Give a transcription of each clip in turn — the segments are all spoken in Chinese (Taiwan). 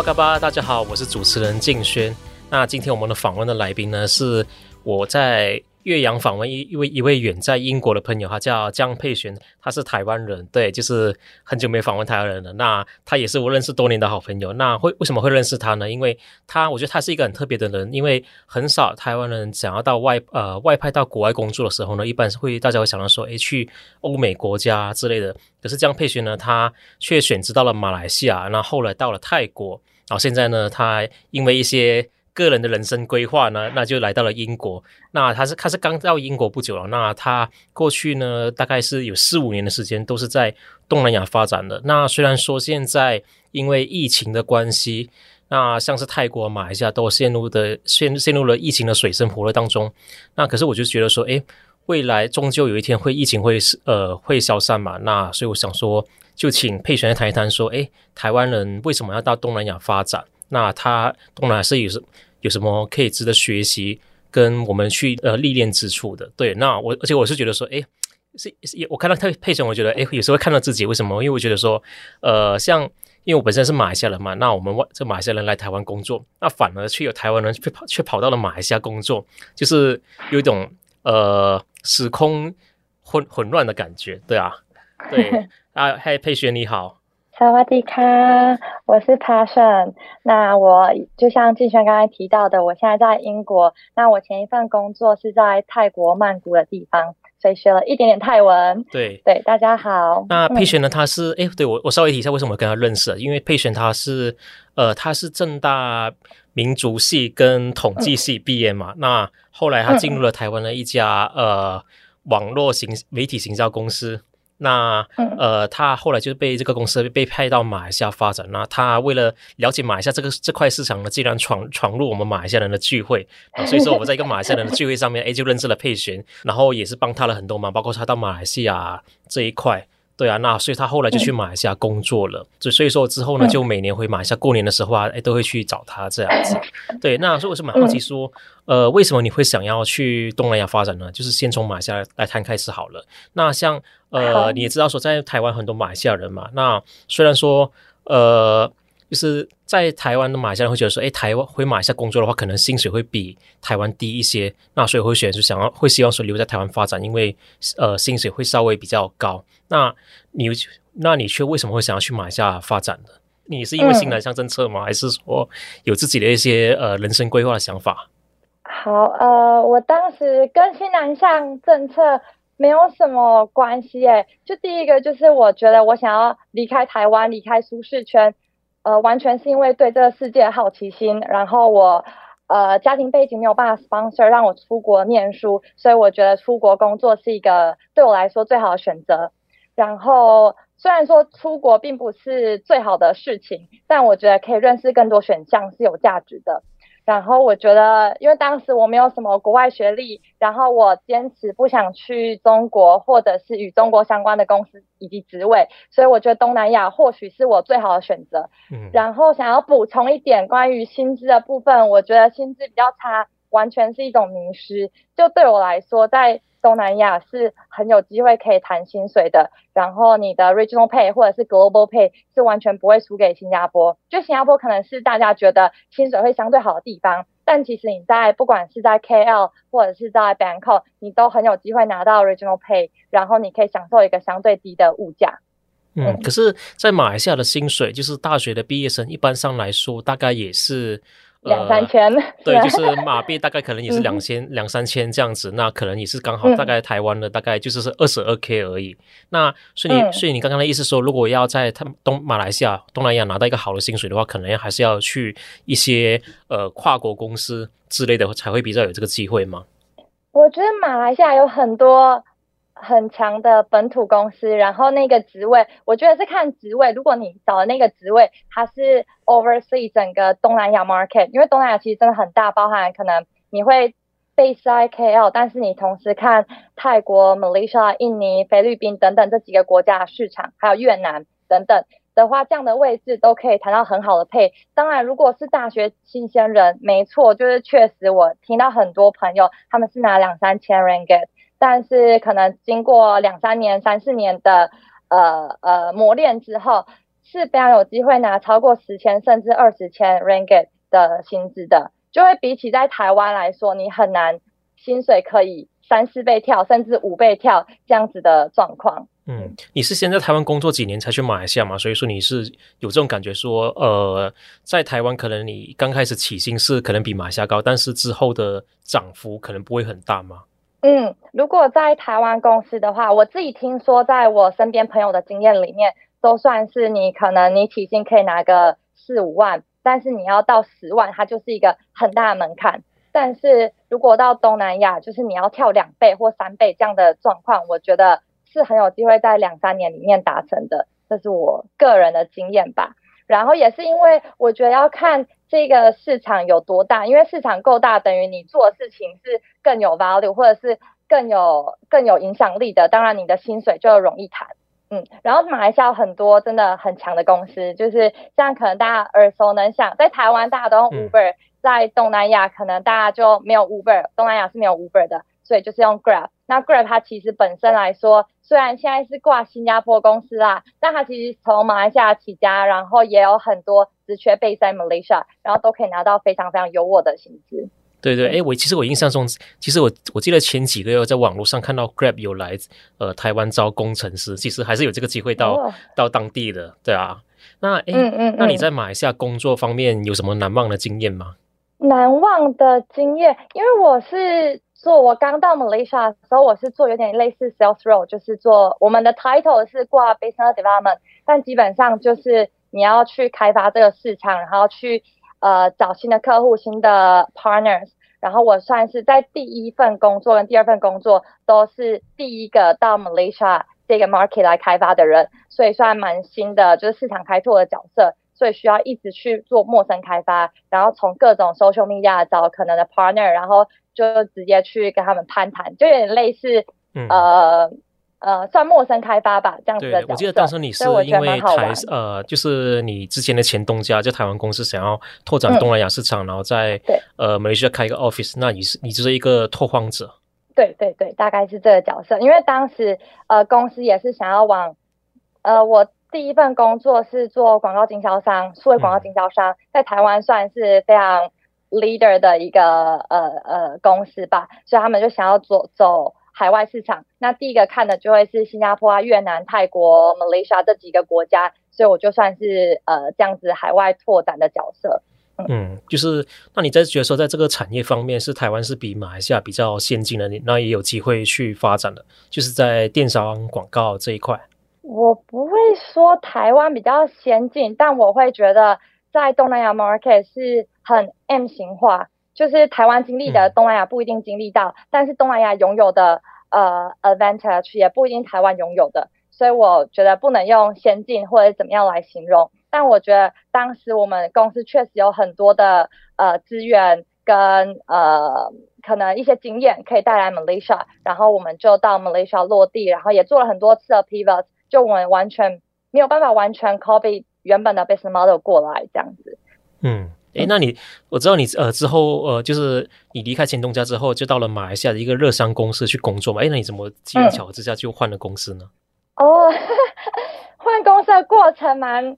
阿峇卡巴！大家好，我是主持人靜軒。那今天我們的訪問的來賓呢，是我在。越洋訪問一一位一位遠在英國的朋友，他叫江佩璇，他是台灣人，對，就是很久沒訪問台灣人了。那他也是我認識多年的好朋友。那會為什麼會認識他呢？因為他，我覺得他是一個很特別的人，因為很少台灣人想要到外呃外派到國外工作的時候呢，一般是會大家會想到說，哎，去歐美國家之類的。可是江佩璇呢，他卻選擇到了馬來西亞，那後來到了泰國，然後現在呢，他因為一些。個人的人生規劃呢，那就來到了英國。那他是他是剛到英國不久了。那他過去呢，大概是有四五年的時間都是在東南亞發展的。那雖然說現在因為疫情的關係，那像是泰國、馬來西亞都陷入的陷陷入了疫情的水深火熱當中。那可是我就覺得說，誒、欸，未來終究有一天會疫情會呃會消散嘛。那所以我想說，就請佩璇來談談說，誒、欸，台灣人為什麼要到東南亞發展？那他東南亞是有什有什麼可以值得學習跟我們去呃歷練之處的？對，那我而且我是覺得說，哎，是也我看到他佩璇，我覺得哎有時候會看到自己為什麼？因為我覺得說，呃，像因為我本身是馬來西亞人嘛，那我們外這馬來西亞人來臺灣工作，那反而卻有臺灣人卻跑卻跑到了馬來西亞工作，就是有一種呃時空混混亂的感覺，對啊，對 啊，嘿，佩璇你好。薩瓦迪卡，我是 Passion。那我就像靜軒剛才提到的，我現在在英國。那我前一份工作是在泰國曼谷的地方，所以學了一點點泰文。對對，大家好。那佩璇呢？他是哎、嗯，對我我稍微提一下為什麼我跟他認識，因為佩璇他是呃，他是政大民族系跟統計系畢業嘛、嗯。那後來他進入了台灣的一家、嗯、呃網絡行媒體行銷公司。那呃，他後來就被這個公司被派到馬來西亞發展。那他為了了解馬來西亞這個這塊市場呢，竟然闖闖入我們馬來西亞人的聚會。啊，所以說，我們在一個馬來西亞人的聚會上面，A 就認識了佩璇，然後也是幫他了很多忙，包括他到馬來西亞這一塊。對啊，那所以他後來就去馬來西亞工作了，嗯、所以說之後呢，就每年回馬來西亞過年的時候啊，誒都會去找他這樣子。對，那所以我是蠻好奇，說、嗯、呃，為什麼你會想要去東南亞發展呢？就是先從馬來西亞來，來談開始好了。那像呃、嗯，你也知道說，在台灣很多馬來西亞人嘛，那雖然說呃。就是在台灣的馬來西亞人會覺得說，哎、欸，台灣回馬來西亞工作的話，可能薪水會比台灣低一些。那所以我會選就想要會希望說留在台灣發展，因為呃薪水會稍微比較高。那你那你卻為什麼會想要去馬來西亞發展呢？你是因為新南向政策嗎？嗯、還是說有自己的一些呃人生規劃的想法？好，呃，我當時跟新南向政策沒有什麼關係。哎，就第一個就是我覺得我想要離開台灣，離開舒適圈。呃，完全是因為對這個世界的好奇心，然後我呃家庭背景沒有辦法 sponsor 讓我出國念書，所以我覺得出國工作是一個對我來說最好的選擇。然後雖然說出國並不是最好的事情，但我覺得可以認識更多選項是有價值的。然後我覺得，因為當時我沒有什麼國外學歷，然後我堅持不想去中國或者是與中國相關的公司以及職位，所以我覺得東南亞或許是我最好的選擇。嗯，然後想要補充一點關於薪資的部分，我覺得薪資比較差，完全是一種迷思。就對我來說，在東南亞是很有機會可以談薪水的，然後你的 regional pay 或者是 global pay 是完全不會輸給新加坡。就新加坡可能是大家覺得薪水會相對好的地方，但其實你在不管是在 KL 或者是在 Bangkok，你都很有機會拿到 regional pay，然後你可以享受一個相對低的物價。嗯，可是，在馬來西亞的薪水，就是大學的畢業生一般上來說，大概也是。兩三千，呃、對， 就是馬幣大概可能也是兩千、嗯、兩三千這樣子，那可能也是剛好，大概台灣的、嗯、大概就是是二十二 K 而已。那所以你、嗯、所以你剛剛的意思說，如果要在他東馬來西亞、東南亞拿到一個好的薪水的話，可能還是要去一些呃跨國公司之類的才會比較有這個機會嗎？我覺得馬來西亞有很多。很強的本土公司，然後那個職位，我覺得是看職位。如果你找的那個職位，它是 oversee 整個東南亞 market，因為東南亞其實真的很大，包含可能你會 base in KL，但是你同時看泰國、Malaysia、印尼、菲律賓等等這幾個國家的市場，還有越南等等的話，這樣的位置都可以談到很好的 pay。當然，如果是大學新鮮人，沒錯，就是確實我聽到很多朋友他們是拿兩三千 ringgit 但是可能經過兩三年、三四年的呃呃磨練之後，是非常有機會拿超過十千甚至二十千 ringgit 的薪資的，就會比起在台灣來說，你很難薪水可以三四倍跳，甚至五倍跳這樣子的狀況。嗯，你是先在台灣工作幾年才去馬來西亞嗎？所以說你是有這種感覺說，呃，在台灣可能你剛開始起薪是可能比馬來西亞高，但是之後的漲幅可能不會很大嗎？嗯，如果在台灣公司的話，我自己聽說，在我身邊朋友的經驗裡面，都算是你可能你起薪可以拿個四五萬，但是你要到十萬，它就是一個很大的門檻。但是如果到東南亞，就是你要跳兩倍或三倍這樣的狀況，我覺得是很有機會在兩三年裡面達成的，這是我個人的經驗吧。然後也是因為我覺得要看這個市場有多大，因為市場夠大，等於你做事情是更有 value，或者是更有更有影響力的。當然，你的薪水就容易談。嗯，然後馬來西亞很多真的很強的公司，就是像可能大家耳熟能詳，在台灣大家都用 Uber，嗯，在東南亞可能大家就沒有 Uber，東南亞是沒有 Uber 的，所以就是用 Grab。那 Grab 它其實本身來說，雖然現在是掛新加坡公司啊，但它其實從馬來西亞起家，然後也有很多職缺擺在馬來西亞，然後都可以拿到非常非常優渥的薪資。對對，哎、欸，我其實我印象中，其實我我記得前幾個月在網絡上看到 Grab 有來呃台灣招工程師，其實還是有這個機會到、哦、到當地的，對啊。那、欸、嗯、嗯、嗯，那你在馬來西亞工作方面有什麼難忘的經驗嗎？難忘的經驗，因為我是。所以，我剛到 Malaysia 的時候，我是做有點類似 sales role，就是做我們的 title 是掛 business development，但基本上就是你要去開發這個市場，然後去呃找新的客戶、新的 partners。然後我算是在第一份工作跟第二份工作都是第一個到 Malaysia 這個 market 來開發的人，所以算蠻新的，就是市場開拓的角色。所以需要一直去做陌生開發，然後從各種 social media 找可能的 partner，然後就直接去跟他們攀談，就有點類似、嗯、呃呃算陌生開發吧，這樣子我記得當時你是因為台呃，就是你之前的前東家就台灣公司想要拓展東南亞市場、嗯，然後在呃馬來西亞開一個 office，那你是你就是一個拓荒者。對對對，大概是這個角色，因為當時呃公司也是想要往呃我。第一份工作是做廣告廣告經銷商，數位廣告經銷商在台灣算是非常 leader 的一個呃呃公司吧，所以他們就想要走走海外市場。那第一個看的就會是新加坡啊、越南、泰國、馬來西亞這幾個國家，所以我就算是呃這樣子海外拓展的角色。嗯，嗯就是那你在覺得說，在這個產業方面，是台灣是比馬來西亞比較先進的，那也有機會去發展的，就是在電商廣告這一塊。我不會說台灣比較先進，但我會覺得在東南亞 market 是很 M 型化，就是台灣經歷的東南亞不一定經歷到，嗯、但是東南亞擁有的呃 advantage 也不一定台灣擁有的，所以我覺得不能用先進或者怎麼樣來形容。但我覺得當時我們公司確實有很多的呃資源跟呃可能一些經驗可以帶來 Malaysia，然後我們就到 Malaysia 落地，然後也做了很多次的 pivot。就我們完全沒有辦法完全 copy 原本的 base model 過來這樣子。嗯，哎，那你我知道你呃之後呃就是你離開前東家之後，就到了馬來西亞的一個熱商公司去工作嘛？哎，那你怎麼機緣巧合之下就換了公司呢？嗯、哦呵呵，換公司的過程蠻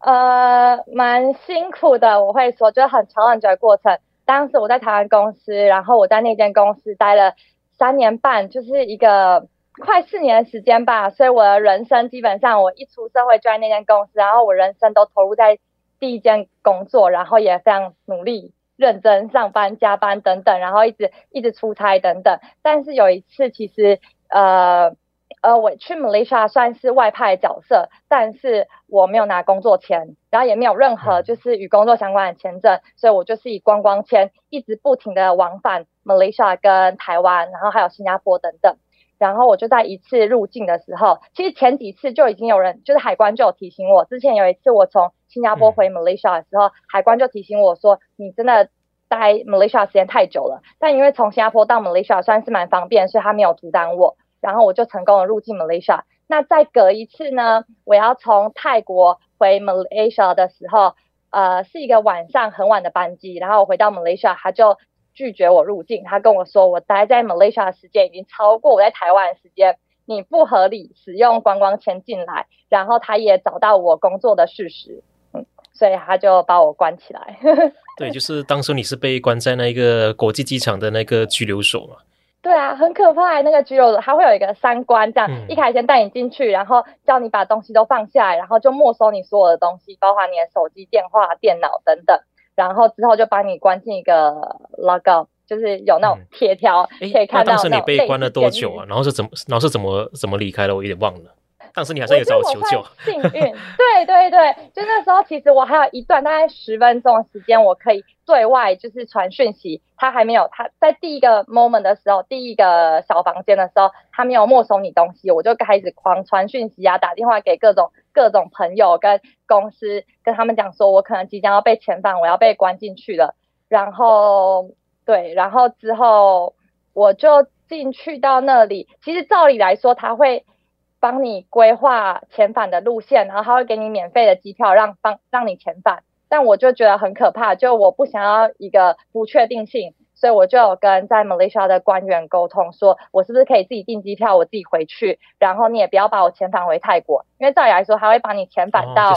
呃蠻辛苦的，我會說就是很 challenging 的過程。當時我在台灣公司，然後我在那間公司待了三年半，就是一個。快四年的時間吧，所以我的人生基本上，我一出社會就在那間公司，然後我人生都投入在第一間工作，然後也非常努力、認真上班、加班等等，然後一直一直出差等等。但是有一次，其實呃呃，我去 Malaysia 算是外派角色，但是我沒有拿工作簽，然後也沒有任何就是與工作相關的簽證，嗯、所以我就是以觀光簽一直不停的往返 Malaysia 跟台灣，然後還有新加坡等等。然後我就在一次入境的時候，其實前幾次就已經有人，就是海關就有提醒我。之前有一次我從新加坡回馬來西亞的時候，海關就提醒我說，你真的待馬來西亞時間太久了。但因為從新加坡到馬來西亞算是蠻方便，所以他沒有阻擋我。然後我就成功地入境馬來西亞。那再隔一次呢，我要從泰國回馬來西亞的時候，呃，是一個晚上很晚的班機，然後我回到馬來西亞他就。拒絕我入境，他跟我說，我待在馬來西亞的時間已經超過我在台灣的時間，你不合理使用觀光簽進來，然後他也找到我工作的事實，嗯、所以他就把我關起來。 對，就是當時你是被關在那個國際機場的那個拘留所嘛？ 對啊，很可怕，那個拘留所他會有一個三關，這樣、嗯、一開始先帶你進去，然後叫你把東西都放下來，然後就沒收你所有的東西，包括你的手機、電話、電腦等等。然後之後就把你關進一個 lokap 就是有那種鐵條，可以看到。當時你被關了多久啊？然後是怎麼，然後是怎麼怎麼離開的？我有點忘了。當時你好像有找我求救。幸運， 對對對，就那時候其實我還有一段大概十分鐘的時間，我可以對外就是傳訊息。他還沒有他在第一個 moment 的時候，第一個小房間的時候，他沒有沒收你東西，我就開始狂傳訊息啊，打電話給各種。各種朋友跟公司跟他們講說，我可能即將要被遣返，我要被關進去了。然後，對，然後之後我就進去到那裡。其實照理來說，他會幫你規劃遣返的路線，然後他會給你免費的機票，讓幫讓你遣返。但我就覺得很可怕，就我不想要一個不確定性。所以我就有跟在 Malaysia 的官員溝通，說我是不是可以自己訂機票，我自己回去，然後你也不要把我遣返回泰國，因為照理來說他會把你遣返到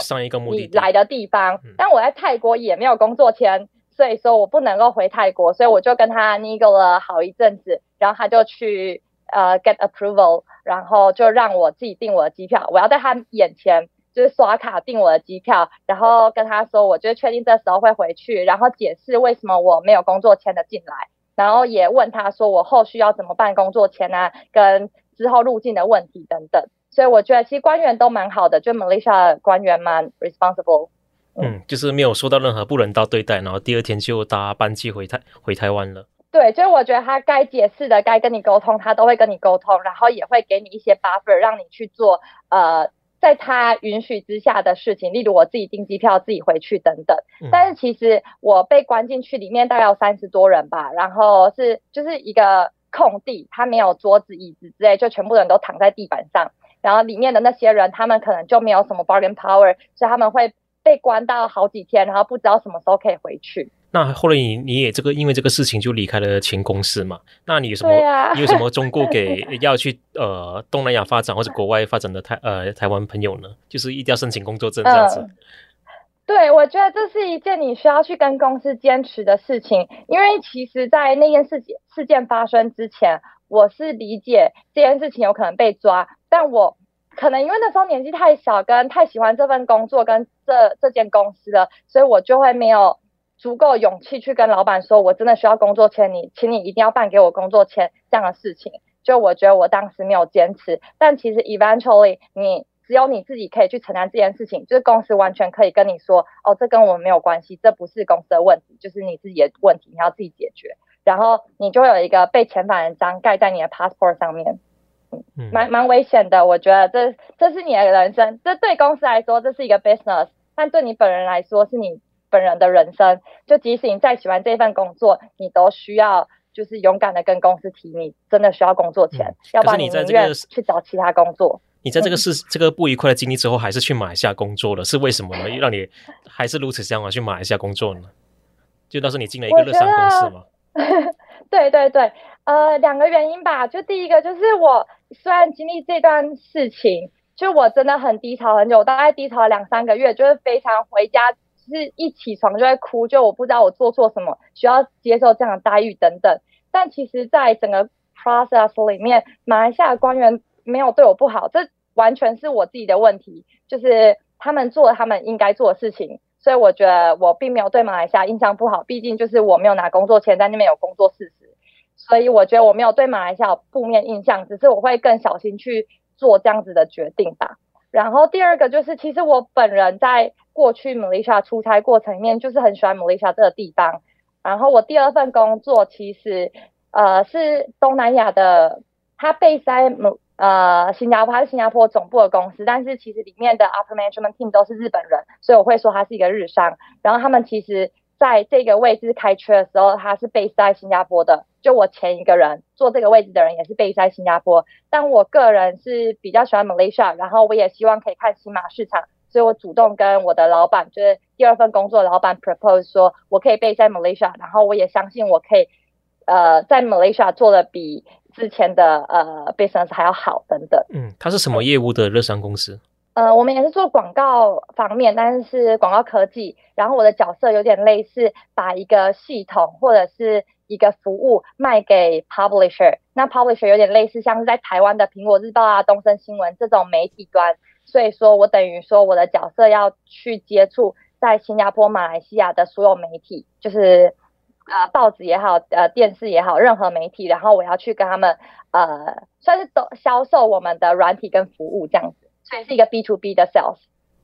你來的地方。但我在泰國也沒有工作簽，所以說我不能夠回泰國，所以我就跟他 n 個 g a 好一陣子，然後他就去呃 get approval，然後就讓我自己訂我的機票，我要在他眼前。就是刷卡訂我的機票，然後跟他說，我就確定這時候會回去，然後解釋為什麼我沒有工作簽的進來，然後也問他說，我後續要怎麼辦工作簽呢、啊？跟之後入境的問題等等。所以我覺得其實官員都蠻好的，就馬來西亞的官員蠻 responsible 嗯。嗯，就是沒有受到任何不人道對待，然後第二天就搭班機回台回台灣了。對，就是我覺得他該解釋的、該跟你溝通，他都會跟你溝通，然後也會給你一些 buffer 讓你去做呃。在他允許之下的事情，例如我自己訂機票、自己回去等等。但是其實我被關進去裡面大概有三十多人吧，然後是就是一個空地，他沒有桌子、椅子之類，就全部的人都躺在地板上。然後裡面的那些人，他們可能就沒有什麼 bargain power，所以他們會被關到好幾天，然後不知道什麼時候可以回去。那後來你你也這個因為這個事情就離開了前公司嘛？那你有什麼？啊、你有什麼忠告給要去呃東南亞發展或者國外發展的台呃台灣朋友呢？就是一定要申請工作證這樣子。對，我覺得這是一件你需要去跟公司堅持的事情，因為其實，在那件事件事件發生之前，我是理解這件事情有可能被抓，但我可能因為那時候年紀太小，跟太喜歡這份工作跟這這間公司了，所以我就會沒有。足夠勇氣去跟老闆說，我真的需要工作簽，你，請你一定要辦給我工作簽。這樣的事情，就我覺得我當時沒有堅持，但其實 eventually，你只有你自己可以去承擔這件事情，就是公司完全可以跟你說，哦，這跟我們沒有關係，這不是公司的問題，就是你自己的問題，你要自己解決。然後你就會有一個被遣返的章蓋在你的 passport 上面，嗯，蠻蠻危險的。我覺得這這是你的人生，這對公司來說這是一個 business，但對你本人來說是你。本人的人生，就即使你再喜歡這份工作，你都需要就是勇敢的跟公司提你，你真的需要工作錢、嗯這個，要不然你這個去找其他工作。你在這個事、嗯、這個不愉快的經歷之後，還是去馬來西亞工作了，是為什麼呢？讓你還是如此向往、啊、 去馬來西亞工作呢？就當時你進了一個日商公司嗎？對對對，呃，兩個原因吧。就第一個就是我雖然經歷這段事情，就我真的很低潮很久，大概低潮了兩三個月，就是非常回家。是一起床就會哭，就我不知道我做錯什麼，需要接受這樣的待遇等等。但其實，在整個 process 裡面，馬來西亞的官員沒有對我不好，這完全是我自己的問題，就是他們做了他們應該做的事情。所以我覺得我並沒有對馬來西亞印象不好，畢竟就是我沒有拿工作簽在那邊有工作事實，所以我覺得我沒有對馬來西亞有負面印象，只是我會更小心去做這樣子的決定吧。然後第二個就是，其實我本人在過去 Malaysia 出差過程裡面，就是很喜歡 Malaysia 這個地方。然後我第二份工作其實，呃，是東南亞的，他 based 在，呃，新加坡，他是新加坡總部的公司，但是其實裡面的 upper management team 都是日本人，所以我會說他是一個日商。然後他們其實在這個位置開缺的時候，他是 based 在新加坡的。就我前一個人坐這個位置的人也是 based 在新加坡，但我個人是比較喜歡 Malaysia，然後我也希望可以看新馬市場，所以我主動跟我的老闆，就是第二份工作的老闆，propose 說，我可以 based 在馬來西亞，然後我也相信我可以，呃，在 Malaysia 做的比之前的呃 business 還要好等等。嗯，他是什麼業務的樂商公司？呃，我們也是做廣告方面，但是廣告科技，然後我的角色有點類似把一個系統或者是。一個服務賣給 publisher，那 publisher 有點類似像是在台灣的蘋果日報啊、東森新聞這種媒體端，所以說我等於說我的角色要去接觸在新加坡、馬來西亞的所有媒體，就是呃報紙也好，呃電視也好，任何媒體，然後我要去跟他們呃算是都銷售我們的軟體跟服務這樣子，所以是一個 B to B 的 sales。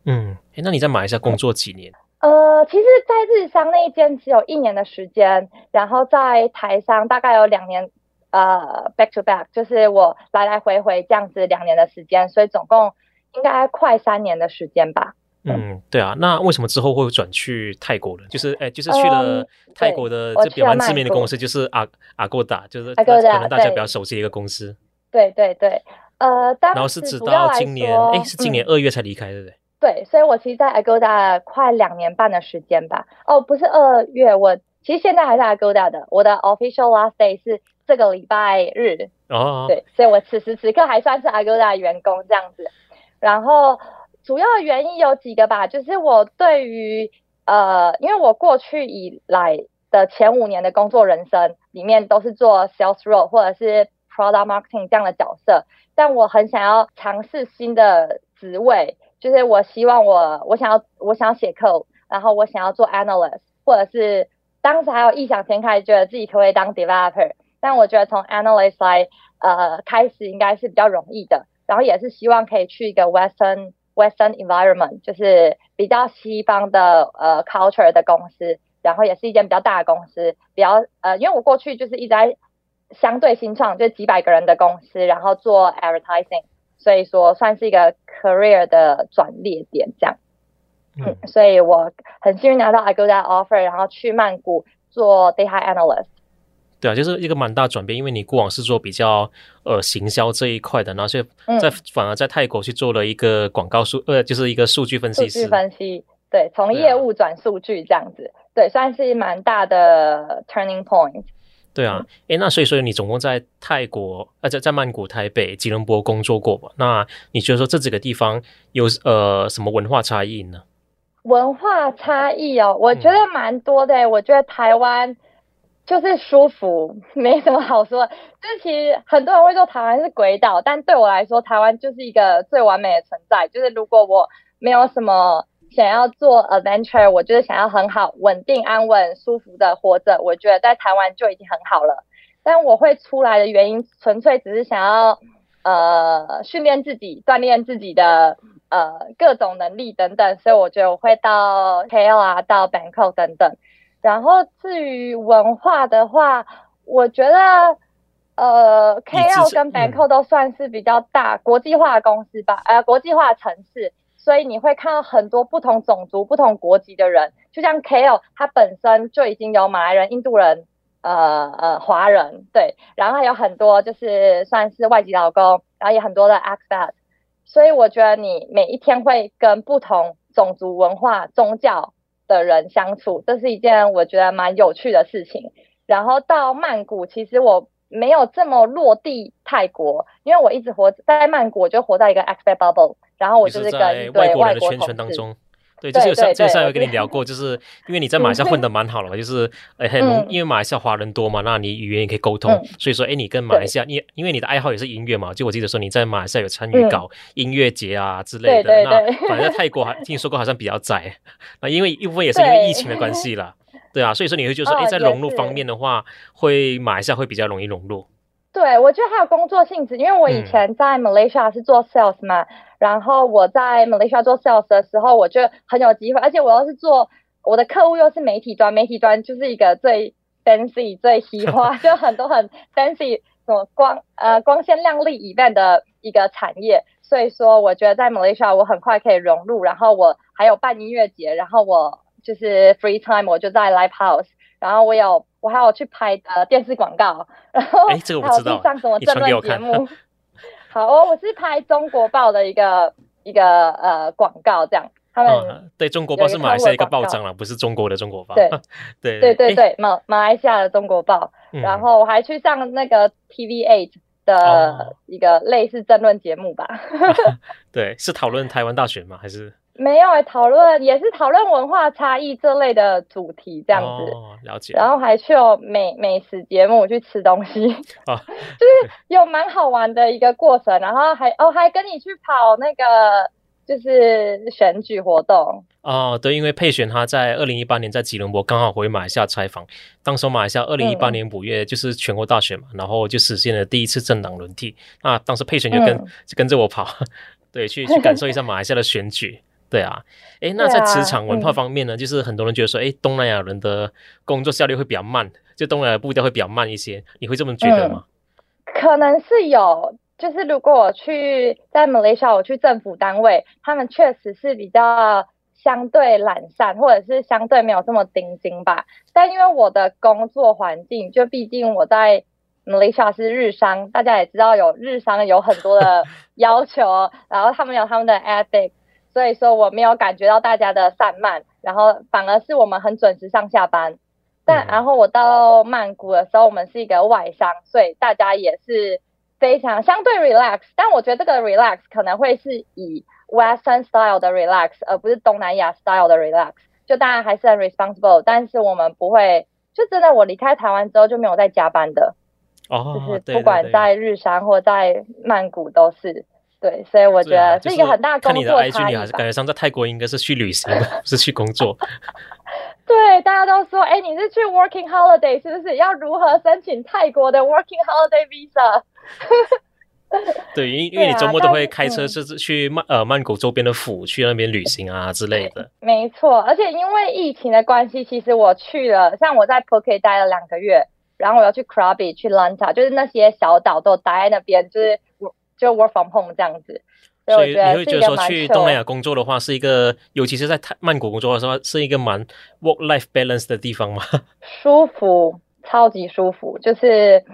嗯，哎，那你在馬來西亞工作幾年？呃，其實，在日商那一間只有一年的時間，然後在台商大概有兩年，呃，back to back，就是我來來回回這樣子兩年的時間，所以總共應該快三年的時間吧。嗯，對啊，那為什麼之後會轉去泰國呢？就是，哎，就是去了泰國的這比較知名的公司，呃、就是阿阿哥達，就是可能大家比較熟悉的一個公司。啊、對對對，對，呃，然後是直到今年，哎，是今年二月才離開，對、嗯、不對？對，所以我其實在 Agoda 快兩年半的時間吧。哦，不是二月，我其實現在還是 Agoda 的。我的 official last day 是這個禮拜日。哦，哦，哦。對，所以我此時此刻還算是 Agoda 的員工這樣子。然後主要原因有幾個吧，就是我對於呃，因為我過去以來的前五年的工作人生裡面都是做 sales role 或者是 product marketing 這樣的角色，但我很想要嘗試新的職位。就是我希望我我想要我想要寫 code，然後我想要做 analyst，或者是當時還有異想天開，覺得自己可以當 developer，但我覺得從 analyst 來呃開始應該是比較容易的，然後也是希望可以去一個 western、mm -hmm. western environment，就是比較西方的呃 culture 的公司，然後也是一間比較大的公司，比較呃，因為我過去就是一直在相對新創，就是、幾百個人的公司，然後做 advertising。所以說算是一個 career 的轉捩點，這樣嗯。嗯，所以我很幸運拿到 Agoda offer，然後去曼谷做 data analyst。對啊，就是一個蠻大的轉變，因為你過往是做比較呃行銷這一塊的，然後所以在、嗯、反而在泰國去做了一個廣告數，呃，就是一個數據分析師。分析，對，從業務轉數據這樣子，對，啊對，算是蠻大的 turning point。對啊，哎，那所以說你總共在泰國，呃，在在曼谷、台北、吉隆坡工作過吧？那你覺得說這幾個地方有呃什麼文化差異呢？文化差異哦，我覺得蠻多的，欸嗯。我覺得台灣就是舒服，沒什麼好說。就是其實很多人會說台灣是鬼島，但對我來說，台灣就是一個最完美的存在。就是如果我沒有什麼，想要做 adventure，我就是想要很好、穩定、安穩、舒服的活着。我覺得在台灣就已經很好了，但我會出來的原因，純粹只是想要呃訓練自己、鍛鍊自己的呃各種能力等等。所以我覺得我會到 KL 啊，到 Bangkok 等等。然後至於文化的話，我覺得呃 KL 跟 Bangkok 都算是比較大、嗯、國際化的公司吧，呃國際化城市。所以你會看到很多不同種族、不同國籍的人，就像 Ko，他本身就已經有馬來人、印度人，呃呃，華人，對，然後還有很多就是算是外籍老公，然後也很多的 Accept。所以我覺得你每一天會跟不同種族、文化、宗教的人相處，這是一件我覺得蠻有趣的事情。然後到曼谷，其實我沒有這麼落地泰國，因為我一直活在曼谷，就活在一個 expert bubble，然後我就是，是在外國人的圈圈當中。對，對就是有對對對就上，這就上回跟你聊過， 就是因為你在馬來西亞混得蠻好了嘛，就是很、嗯、因為馬來西亞華人多嘛，那你語言也可以溝通，嗯、所以說，哎，你跟馬來西亞，你因為你的愛好也是音樂嘛，就我記得說你在馬來西亞有參與搞音樂節啊、嗯、之類的。對對對那，反正泰國還聽你說過，好像比較窄，那 因為一部分也是因為疫情的關係啦。對啊，所以說你會覺得說，哎，在融入方面的話、呃，會馬來西亞會比較容易融入。對，我覺得還有工作性質，因為我以前在馬來西亞是做 sales 嘛，嗯、然後我在馬來西亞做 sales 的時候，我就很有機會，而且我要是做我的客戶又是媒體端，媒體端就是一個最 fancy 最、最喜話就很多很 fancy 什麼光呃光鮮亮麗 event 的一個產業，所以說我覺得在馬來西亞我很快可以融入，然後我還有辦音樂節，然後我。就是 free time，我就在 live house，然後我有我還有去拍呃電視廣告，然後哎、欸，這個我知道，上什麼政論你傳給我看。 好哦，我是拍中、呃嗯《中國報》的一個一個呃廣告，這樣。對，《中國報》是馬來西亞一個報章啦，不是中國的《中國報》對 對。對對對對、欸、馬馬來西亞的《中國報》嗯，然後我還去上那個 TV8 的一個類似政論節目吧。哦 啊、對，是討論台灣大選嗎？還是？沒有、欸，討論也是討論文化差異這類的主題，這樣子、哦，了解。然後還去美美食節目去吃東西，啊、哦， 就是有蠻好玩的一個過程。哦、然後還哦，還跟你去跑那個就是選舉活動哦。對，因為佩璇他在二零一八年在吉隆坡剛好回馬來西亞採訪，當時候馬來西亞二零一八年五月就是全國大選嘛、嗯，然後就實現了第一次政黨輪替。那當時佩璇就跟、嗯、就跟着我跑， 對，去去感受一下馬來西亞的選舉。 對啊，哎、欸，那在職場文化方面呢、啊，就是很多人覺得說，哎、欸，東南亞人的工作效率會比較慢，就東南亞步調會比較慢一些，你會這麼覺得嗎？嗯、可能是有，就是如果我去在馬來西亞，我去政府單位，他們確實是比較相對懶散，或者是相對沒有這麼定釘吧。但因為我的工作環境，就畢竟我在馬來西亞是日商，大家也知道有日商有很多的要求， 然後他們有他們的 ethic。所以說我沒有感覺到大家的散漫，然後反而是我們很準時上下班。但然後我到曼谷的時候，我們是一個外商、嗯，所以大家也是非常相對 relax。但我覺得這個 relax 可能會是以 Western style 的 relax，而不是東南亞 style 的 relax。就當然還是很 responsible，但是我們不會，就真的我離開台灣之後就沒有再加班的。哦，就是不管在日商或在曼谷都是。對對對。對，所以我覺得這一個很大可能，啊就是，看你的 I G，你還是感覺上在泰國應該是去旅行的，不是去工作。 對，大家都說，哎、欸，你是去 working holiday 是不是？要如何申請泰國的 working holiday visa？ 對，因因為你周末都會開車是去曼呃曼谷周邊的府，去那邊旅行啊之類的。嗯、沒錯，而且因為疫情的關係，其實我去了，像我在 Phuket 待了兩個月，然後我要去 Krabi，去 Lanta 就是那些小島都待在那邊，就是我。就 work from home 這樣子，所以你會覺得說去東南亞工作的話是一個，尤其是在泰曼谷工作的時候，是一個蠻 work life balance 的地方嗎？舒服，超級舒服。就是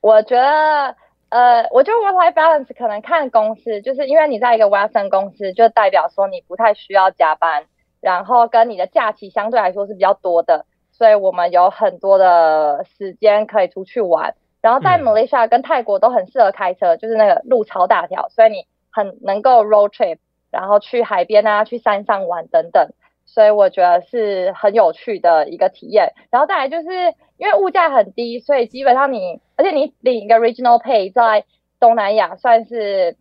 我覺得，呃，我覺得 work life balance 可能看公司，就是因為你在一個 Western 公司，就代表說你不太需要加班，然後跟你的假期相對來說是比較多的，所以我們有很多的時間可以出去玩。然後在馬來西亞跟泰國都很適合開車，嗯，就是那個路超大條，所以你很能夠 road trip，然後去海邊啊，去山上玩等等，所以我覺得是很有趣的一個體驗。然後再來就是因為物價很低，所以基本上你，而且你領一個 regional pay，在東南亞算是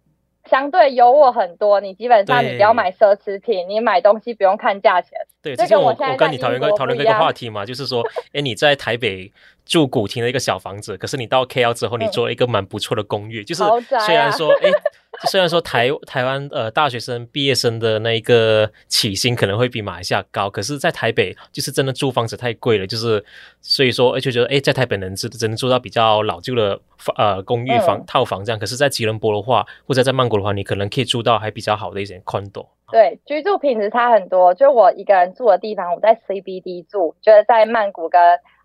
相對優渥很多。你基本上你不要買奢侈品，你買東西不用看價錢。對，之前我、這個、我，在在我跟你討論過討論過一個話題嘛，就是說，哎，你在台北住古亭的一個小房子。 可是你到 KL 之後，你做了一個蠻不錯的公寓，嗯、就是、啊、雖然說，哎。 就雖然說台台灣呃大學生畢業生的那一個起薪可能會比馬來西亞高，可是，在台北就是真的租房子太貴了，就是所以說，而且覺得誒、欸，在台北能是只能住到比較老舊的呃房呃公寓房套房這樣，可是在吉隆坡的話或者在曼谷的話，你可能可以住到還比較好的一些 condo。對，居住品質差很多。就我一個人住的地方，我在 CBD 住，覺得在曼谷跟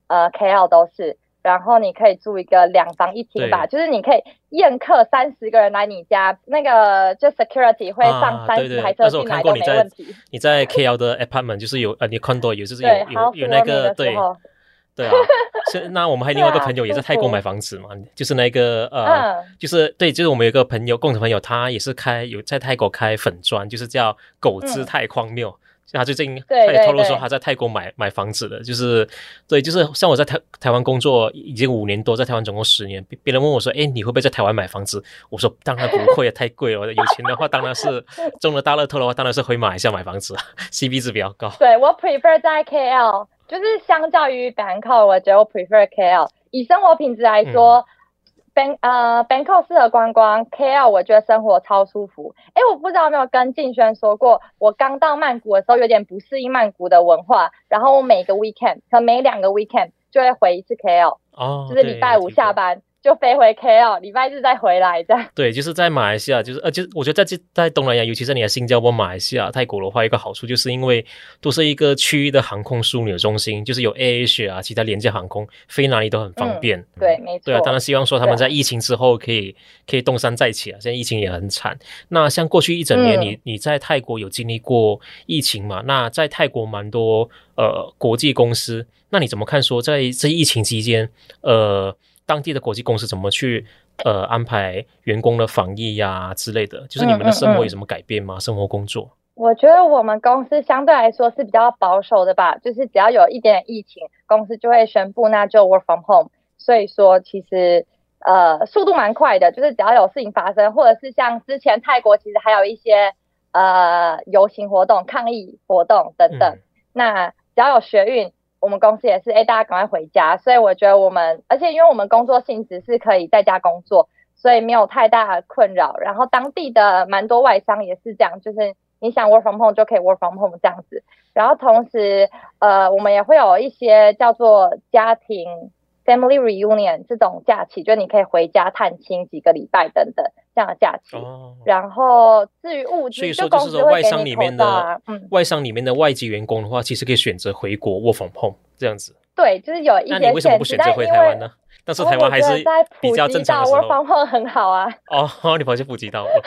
呃 KL 都是。然後你可以住一個兩房一廳吧，就是你可以宴客三十個人來你家，那個就 security 會上三十台車，啊、對對，但是我看過你在，在你在 KL 的 apartment 就是有呃、 啊，你 condo 有就是有有，有，有那個對對啊， 是那我們還有另外一個朋友也在泰國買房子嘛， 就是那個呃、嗯，就是對，就是我們有一個朋友共同朋友，他也是開有在泰國開粉專，就是叫狗子泰荒謬。嗯像他最近，他也透露說他在泰國買對對對，買房子的，就是，對，就是像我在台台灣工作已經五年多，在台灣總共十年，別人問我說，哎、欸，你會不會在台灣買房子？我說當然不會， 太貴了。有錢的話，當然是中了大樂透的話，當然是回馬來西亞買房子，CP 值比較高。對我 prefer 在 K L，就是相較於板橋，我覺得我 prefer K L，以生活品質來說。嗯 Ben 呃、uh,，Bangkok 適合觀光，KL 我覺得生活超舒服。哎，我不知道有沒有跟靜軒說過，我剛到曼谷的時候有點不適應曼谷的文化，然後我每個 weekend 和每兩個 weekend 就會回一次 KL，、oh, 就是禮拜五下班。就飛回 KL，禮拜日再回來這樣。對，就是在馬來西亞，就是呃，就是、我覺得在這在東南亞，尤其是你的新加坡、馬來西亞、泰國的話，一個好處就是因為都是一個區域的航空樞紐中心，就是有 AirAsia 啊，其他廉價航空飛哪裡都很方便。嗯嗯、對，沒錯。對當、啊、然希望說他們在疫情之後可以可以東山再起啊。現在疫情也很慘。那像過去一整年你，你、嗯、你在泰國有經歷過疫情嘛？那在泰國蠻多呃國際公司，那你怎麼看說在這疫情期間呃？當地的國際公司怎麼去呃安排員工的防疫呀、啊、之類的？就是你們的生活有什麼改變嗎？嗯嗯嗯？生活工作？我覺得我們公司相對來說是比較保守的吧，就是只要有一點疫情，公司就會宣布那就 work from home。所以說其實呃速度蠻快的，就是只要有事情發生，或者是像之前泰國其實還有一些呃遊行活動、抗議活動等等、嗯，那只要有學運。我們公司也是，誒，大家趕快回家。所以我覺得我們，而且因為我們工作性質是可以在家工作，所以沒有太大的困擾。然後當地的蠻多外商也是這樣，就是你想 work from home 就可以 work from home 這樣子。然後同時，呃，我們也會有一些叫做家庭 family reunion 這種假期，就你可以回家探親幾個禮拜等等。這樣的假期，哦、然後至於物質，所以說就是說外商裡面的、外商裡面的外籍員工的話，嗯、其實可以選擇回國 work from home 這樣子。對，就是有一點那你為什麼不選擇回台灣呢？但是台灣還是在比較正常的 work from home 很好啊。哦，哦你跑去普吉島了？哦、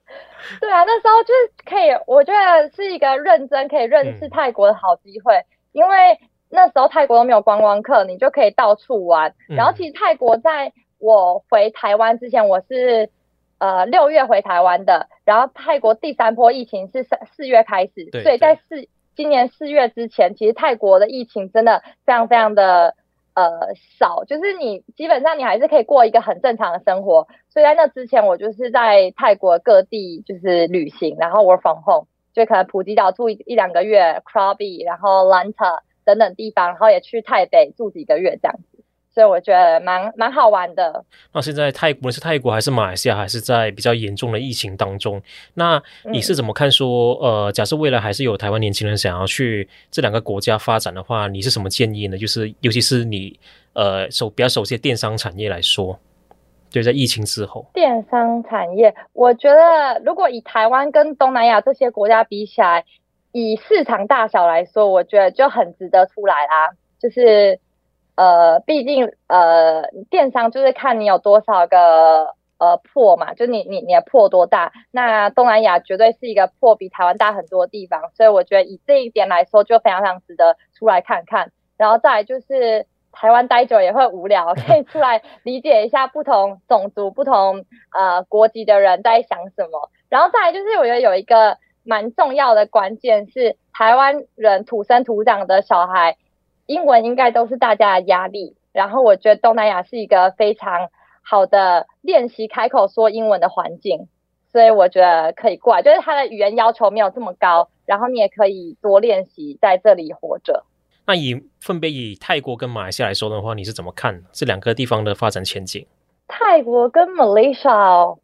對啊，那時候就是可以，我覺得是一個認真可以認識泰國的好機會。嗯，因為那時候泰國都沒有觀光客，你就可以到處玩。嗯、然後其實泰國在我回台灣之前，我是。呃，六月回台灣的，然後泰國第三波疫情是三四月開始，對，所以在四，今年四月之前，其實泰國的疫情真的非常非常的呃少，就是你基本上你還是可以過一個很正常的生活。所以在那之前，我就是在泰國各地就是旅行，然後 work from home，就可能普吉島住一，一兩個月，Krabi，然後 Lanta 等等地方，然後也去泰北住幾個月這樣。所以我覺得蠻蠻好玩的。那現在泰國是泰國還是馬來西亞還是在比較嚴重的疫情當中？那你是怎麼看說？說、嗯、呃，假設未來還是有台灣年輕人想要去這兩個國家發展的話，你是什麼建議呢？就是尤其是你呃首比較熟悉的電商產業來說，對，在疫情之後，電商產業，我覺得如果以台灣跟東南亞這些國家比起來，以市場大小來說，我覺得就很值得出來啦，就是。呃，畢竟呃，電商就是看你有多少個呃破嘛，就你你你的破多大。那東南亞絕對是一個破比台灣大很多的地方，所以我覺得以這一點來說，就非常非常值得出來看看。然後再來就是台灣待久也會無聊，可以出來理解一下不同種族、 不同呃國籍的人在想什麼。然後再來就是我覺得有一個蠻重要的關鍵是，台灣人土生土長的小孩。英文應該都是大家的壓力，然後我覺得東南亞是一個非常好的練習開口說英文的環境，所以我覺得可以過來，就是它的語言要求沒有這麼高，然後你也可以多練習在這裡活着。那以分別以泰國跟馬來西亞來說的話，你是怎麼看這兩個地方的發展前景？泰國跟馬來西亞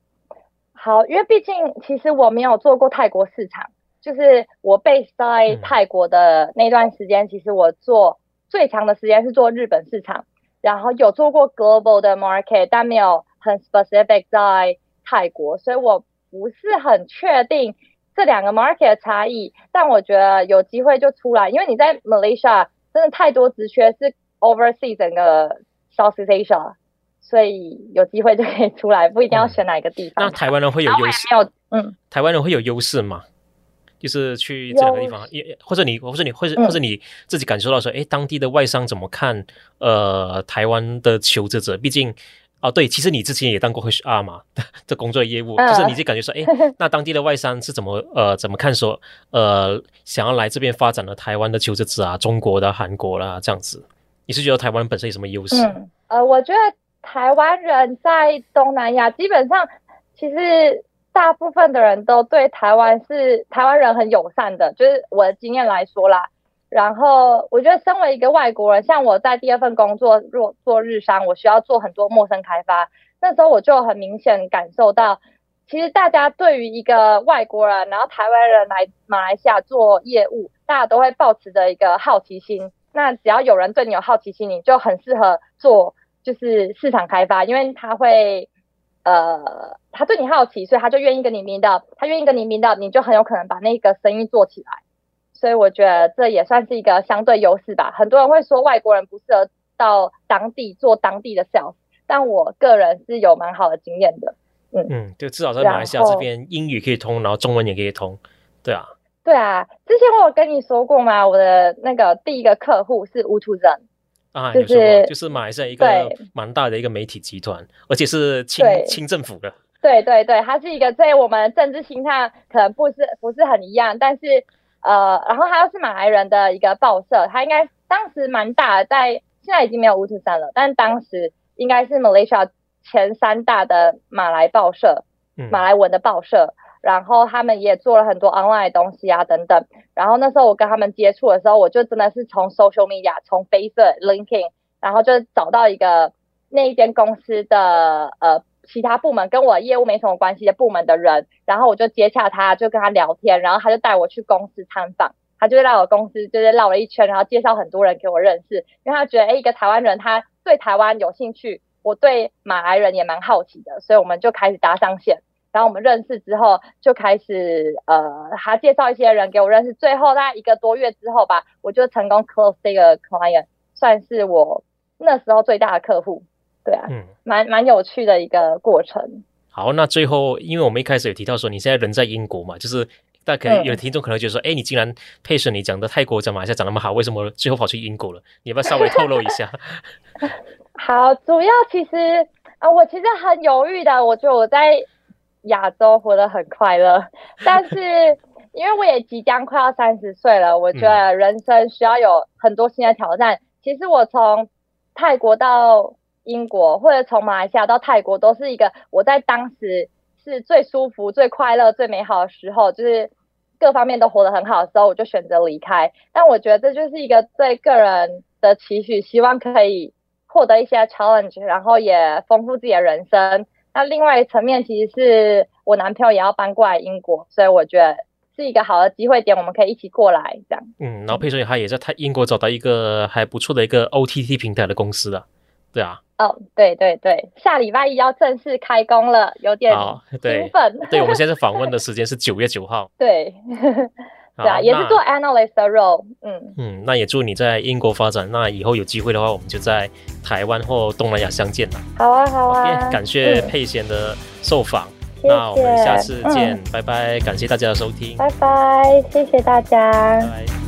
好，因為畢竟其實我沒有做過泰國市場，就是我 base 在泰國的那段時間，嗯、其實我做。最長的時間是做日本市場，然後有做過 global 的 market，但沒有很 specific 在泰國，所以我不是很確定這兩個 market 的差異。但我覺得有機會就出來，因為你在 Malaysia 真的太多職缺是 overseas 整個 South East Asia，所以有機會就可以出來，不一定要選哪個地方，嗯。那台灣人會有優勢？Oh my God, 嗯，台灣人會有優勢嗎？就是去這兩個地方，也或者你，或者你，或者或者你自己感受到說，哎、嗯，當地的外商怎麼看呃台灣的求職者？畢竟，哦、啊、對，其實你之前也當過 HR 嘛，這工作業務，呃、就是你自己感覺說，哎，那當地的外商是怎麼呃怎麼看說呃想要來這邊發展的台灣的求職者啊，中國的、韓國啦、啊、這樣子，你是覺得台灣本身有什麼優勢？嗯、呃，我覺得台灣人在東南亞基本上其實。大部分的人都對台灣是台灣人很友善的，就是我的經驗來說啦。然後我覺得身為一個外國人，像我在第二份工作若做，做日商，我需要做很多陌生開發，那時候我就很明顯感受到，其實大家對於一個外國人，然後台灣人來馬來西亞做業務，大家都會抱持着一個好奇心。那只要有人對你有好奇心，你就很適合做就是市場開發，因為他會。呃，他對你好奇，所以他就願意跟你明道，他願意跟你明道，你就很有可能把那個生意做起來。所以我覺得這也算是一個相對優勢吧。很多人會說外國人不適合到當地做當地的 sales，但我個人是有蠻好的經驗的。嗯嗯，就至少在馬來西亞這邊，英語可以通，然後中文也可以通，對啊，對啊。之前我有跟你說過嘛，我的那個第一個客戶是烏圖人。就、啊、是就是馬來西亞一個蠻大的一個媒體集團，就是，而且是親親政府的。對對對，它是一個在我們政治心態可能不是不是很一樣，但是呃，然後它又是馬來人的一個報社，它應該當時蠻大的，在現在已經沒有烏土山了，但當時應該是馬來西亞前三大的馬來報社，嗯、馬來文的報社。然後他們也做了很多 online 的東西啊，等等。然後那時候我跟他們接觸的時候，我就真的是從 social media，從 Facebook、LinkedIn，然後就找到一個那一間公司的呃其他部門跟我業務沒什麼關係的部門的人，然後我就接洽他，就跟他聊天，然後他就帶我去公司參訪，他就在我公司就是繞了一圈，然後介紹很多人給我認識，因為他覺得哎一個台灣人他對台灣有興趣，我對馬來人也蠻好奇的，所以我們就開始搭上線。然後我們認識之後就開始，呃，他介紹一些人給我認識。最後大概一個多月之後吧，我就成功 close 這個 client，算是我那時候最大的客戶。對啊，嗯，蠻蠻有趣的一個過程。好，那最後，因為我們一開始有提到說你現在人在英國嘛，就是大家可能有聽眾可能覺得說，哎、嗯，你竟然佩璇，你講的泰國、馬來西亞講那麼好，為什麼最後跑去英國了？你要不要稍微透露一下？ 好，主要其實啊、呃，我其實很猶豫的，我就我在，亞洲活得很快樂，但是因為我也即將快要三十歲了，我覺得人生需要有很多新的挑戰。嗯、其實我從泰國到英國，或者從馬來西亞到泰國，都是一個我在當時是最舒服、最快樂、最美好的時候，就是各方面都活得很好的時候，我就選擇離開。但我覺得這就是一個對個人的期許，希望可以獲得一些 challenge，然後也豐富自己的人生。他另外一層面，其實是我男朋友也要搬過來英國，所以我覺得是一個好的機會點，我們可以一起過來這樣。嗯，然後佩璇他也在他英國找到一個還不錯的一個 OTT 平台的公司了，對啊。哦，對對對，下禮拜一要正式開工了，有點興、哦、奮。對，對，我們現在訪問的時間 是九月九號。對。 對啊，也是做 analyst role，嗯嗯，那也祝你在英國發展，那以後有機會的話，我們就在台灣或東南亞相見了。好啊，好啊，okay, 感謝嗯、佩璇的受訪。謝謝，那我們下次見。嗯，拜拜，感謝大家的收聽，拜拜，謝謝大家。拜拜。